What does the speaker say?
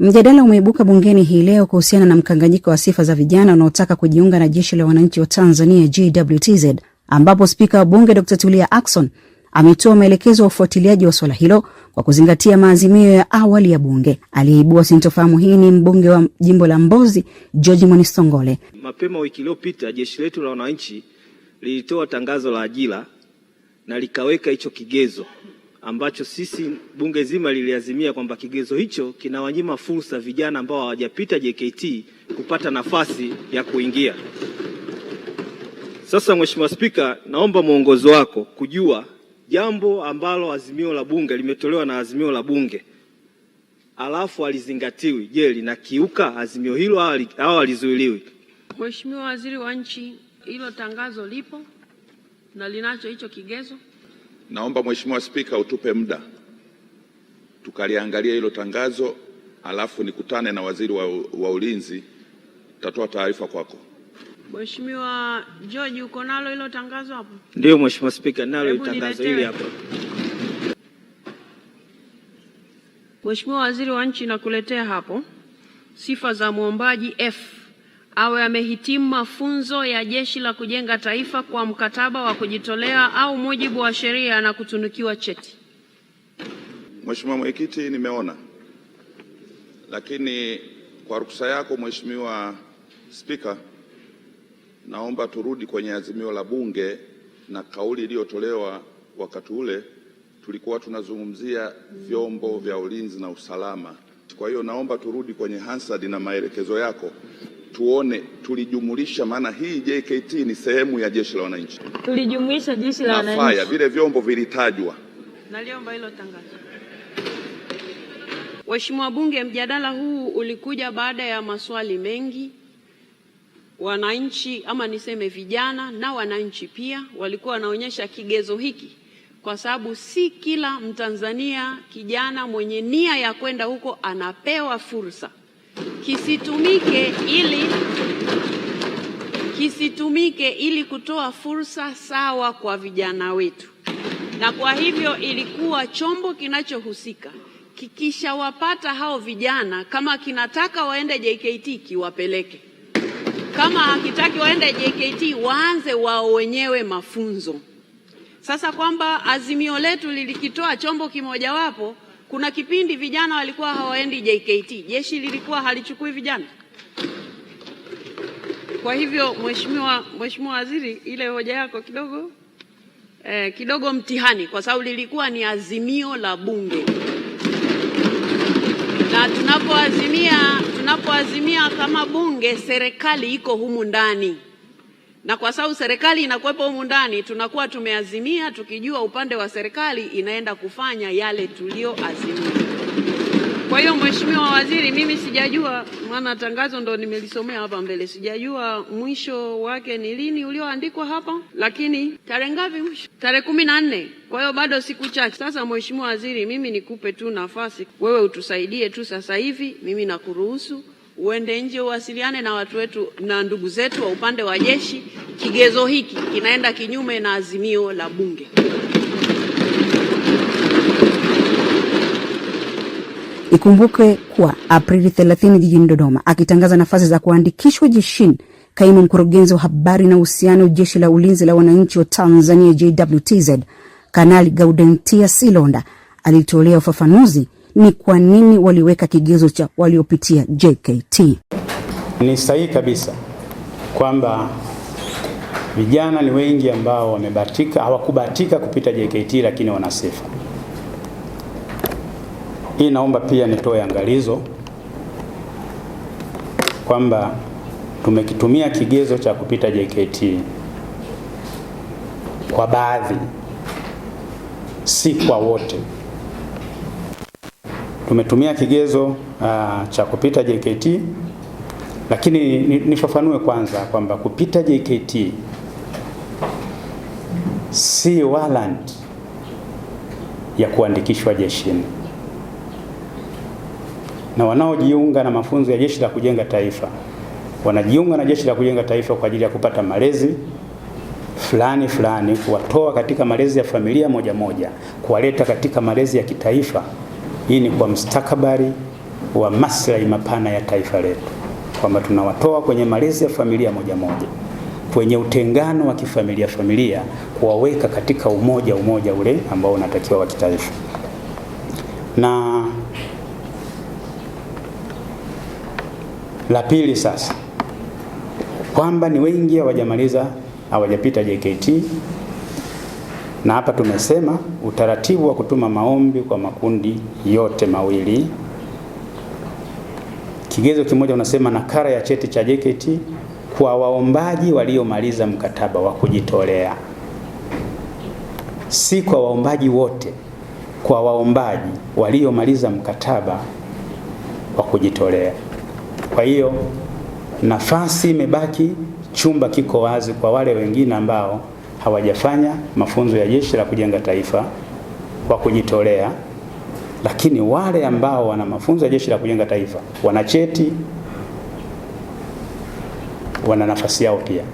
Mjadala umeibuka bungeni hii leo kuhusiana na mkanganyiko wa sifa za vijana wanaotaka kujiunga na jeshi la wananchi wa Tanzania JWTZ, ambapo spika wa bunge Dr. Tulia Ackson ametoa maelekezo ya ufuatiliaji wa swala hilo kwa kuzingatia maazimio ya awali ya bunge. Aliyeibua sintofahamu hii ni mbunge wa jimbo la Mbozi George Mwanisongole. Mapema wiki iliyopita jeshi letu la wananchi lilitoa tangazo la ajira na likaweka hicho kigezo ambacho sisi bunge zima liliazimia kwamba kigezo hicho kinawanyima fursa vijana ambao hawajapita JKT kupata nafasi ya kuingia. Sasa Mheshimiwa Spika, naomba mwongozo wako kujua jambo ambalo azimio la bunge limetolewa na azimio la bunge alafu alizingatiwi. Je, linakiuka azimio hilo au alizuiliwi? Mheshimiwa Waziri wa Nchi, hilo tangazo lipo na linacho hicho kigezo. Naomba Mheshimiwa Spika utupe muda tukaliangalia hilo tangazo, alafu nikutane na waziri wa, wa ulinzi, tatoa taarifa kwako. Mheshimiwa George, uko nalo hilo tangazo hapo? Ndio Mheshimiwa Spika, nalo tangazo hili hapo. Mheshimiwa Waziri wa Nchi, nakuletea hapo sifa za mwombaji F awe amehitimu mafunzo ya Jeshi la Kujenga Taifa kwa mkataba wa kujitolea au mujibu wa sheria na kutunukiwa cheti. Mheshimiwa Mwenyekiti, nimeona, lakini kwa ruksa yako Mheshimiwa Spika, naomba turudi kwenye azimio la Bunge na kauli iliyotolewa wakati ule tulikuwa tunazungumzia vyombo vya ulinzi na usalama. Kwa hiyo naomba turudi kwenye Hansard na maelekezo yako tuone tulijumulisha, maana hii JKT ni sehemu ya jeshi la wananchi, tulijumuisha jeshi la wananchi na vile vyombo vilitajwa. Naliomba hilo tangazo. Waheshimiwa Bunge, mjadala huu ulikuja baada ya maswali mengi. Wananchi ama niseme vijana na wananchi pia walikuwa wanaonyesha kigezo hiki, kwa sababu si kila Mtanzania kijana mwenye nia ya kwenda huko anapewa fursa kisitumike ili kisitumike ili kutoa fursa sawa kwa vijana wetu, na kwa hivyo ilikuwa chombo kinachohusika kikishawapata hao vijana, kama kinataka waende JKT kiwapeleke, kama hakitaki waende JKT waanze wao wenyewe mafunzo. Sasa kwamba azimio letu lilikitoa chombo kimojawapo kuna kipindi vijana walikuwa hawaendi JKT, jeshi lilikuwa halichukui vijana. Kwa hivyo mheshimiwa, mheshimiwa waziri, ile hoja yako kidogo eh, kidogo mtihani, kwa sababu lilikuwa ni azimio la bunge na tunapoazimia tunapoazimia kama bunge, serikali iko humu ndani na kwa sababu serikali inakuwepo humu ndani, tunakuwa tumeazimia tukijua upande wa serikali inaenda kufanya yale tuliyoazimia. Kwa hiyo Mheshimiwa Waziri, mimi sijajua, maana tangazo ndo nimelisomea hapa mbele, sijajua mwisho wake ni lini ulioandikwa hapa, lakini tarehe ngapi mwisho? Tarehe kumi na nne. Kwa hiyo bado siku chache. Sasa Mheshimiwa Waziri, mimi nikupe tu nafasi wewe utusaidie tu sasa hivi, mimi nakuruhusu uende nje uwasiliane na watu wetu na ndugu zetu wa upande wa jeshi. Kigezo hiki kinaenda kinyume na azimio la Bunge. Ikumbuke kuwa Aprili 30 jijini Dodoma, akitangaza nafasi za kuandikishwa jeshini, kaimu mkurugenzi wa habari na uhusiano jeshi la ulinzi la wananchi wa Tanzania JWTZ, Kanali Gaudentia Silonda alitolea ufafanuzi ni kwa nini waliweka kigezo cha waliopitia JKT. Ni sahihi kabisa kwamba vijana ni wengi ambao wamebahatika, hawakubahatika kupita JKT, lakini wana sifa hii. Naomba pia nitoe angalizo kwamba tumekitumia kigezo cha kupita JKT kwa baadhi, si kwa wote tumetumia kigezo uh, cha kupita JKT, lakini nifafanue kwanza kwamba kupita JKT si warrant ya kuandikishwa jeshini, na wanaojiunga na mafunzo ya Jeshi la Kujenga Taifa wanajiunga na Jeshi la Kujenga Taifa kwa ajili ya kupata malezi fulani fulani, kuwatoa katika malezi ya familia moja moja, kuwaleta katika malezi ya kitaifa. Hii ni kwa mstakabali wa maslahi mapana ya taifa letu, kwamba tunawatoa kwenye malezi ya familia moja moja, kwenye utengano wa kifamilia familia, kuwaweka katika umoja umoja ule ambao unatakiwa wa kitaifa. Na la pili sasa, kwamba ni wengi hawajamaliza hawajapita JKT na hapa tumesema utaratibu wa kutuma maombi kwa makundi yote mawili, kigezo kimoja unasema nakala ya cheti cha JKT kwa waombaji waliomaliza mkataba wa kujitolea, si kwa waombaji wote, kwa waombaji waliomaliza mkataba wa kujitolea. Kwa hiyo nafasi imebaki, chumba kiko wazi kwa wale wengine ambao hawajafanya mafunzo ya Jeshi la Kujenga Taifa kwa kujitolea, lakini wale ambao wana mafunzo ya Jeshi la Kujenga Taifa wana cheti, wana nafasi yao pia.